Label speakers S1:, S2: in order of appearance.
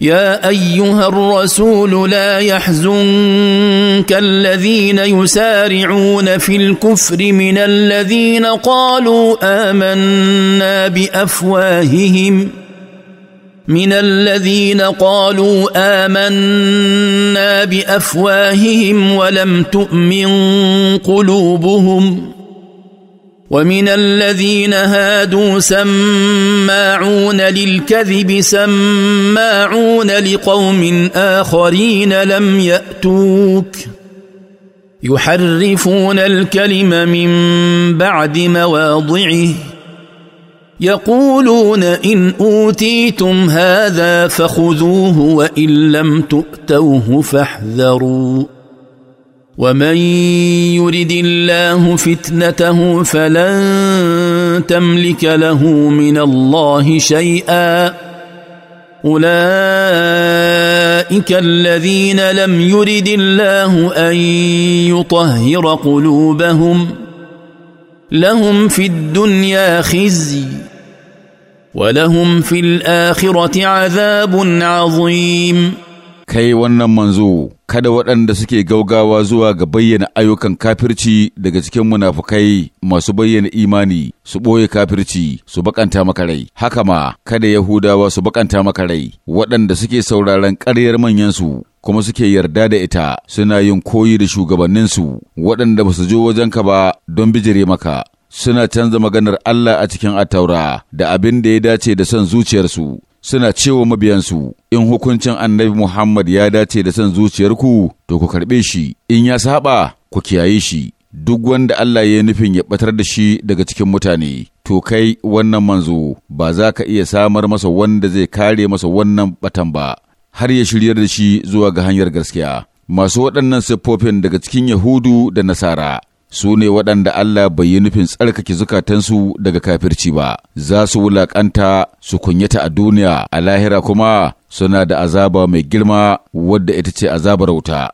S1: يا ايها الرسول لا يحزنك الذين يسارعون في الكفر من الذين قالوا امنا بافواههم من الذين قالوا امنا بافواههم ولم تؤمن قلوبهم ومن الذين هادوا سماعون للكذب سماعون لقوم اخرين لم ياتوك يحرفون الكلم من بعد مواضعه يقولون ان اوتيتم هذا فخذوه وان لم تؤتوه فاحذروا ومن يرد الله فتنته فلن تملك له من الله شيئا اولئك الذين لم يرد الله ان يطهر قلوبهم لهم في الدنيا
S2: خزي ولهم في الاخره عذاب عظيم كي ونمنزو kada waɗanda suke gaugawa zuwa ga bayyana ayyukan kafirci daga cikin munafukai masu bayyana imani su ɓoye kafirci su baƙanta maka rai haka ma kada yahudawa su bakanta maka rai waɗanda suke sauraron ƙaryar manyansu kuma suke yarda da ita suna yin koyi da shugabanninsu waɗanda ba su je wajenka ba don bijire maka suna canza maganar Allah a cikin attaura da abin da ya dace da son zuciyarsu suna cewa mabiyansu in hukuncin annabi Muhammad ya dace da son zuciyarku to ku karɓe shi in ya saba ku kiyaye shi duk wanda Allah ya nufin ya batar da shi daga cikin mutane to kai wannan manzo ba za ka iya samar masa wanda zai kare masa wannan batan ba har ya shiryar da shi zuwa ga hanyar gaskiya masu waɗannan siffofin daga cikin Yahudu da Nasara su ne waɗanda Allah bai yi nufin tsarkake zukatansu daga kafirci ba, za su wulaƙanta su kunyata a duniya, a lahira kuma suna da azaba mai girma wadda ita ce azabar wuta.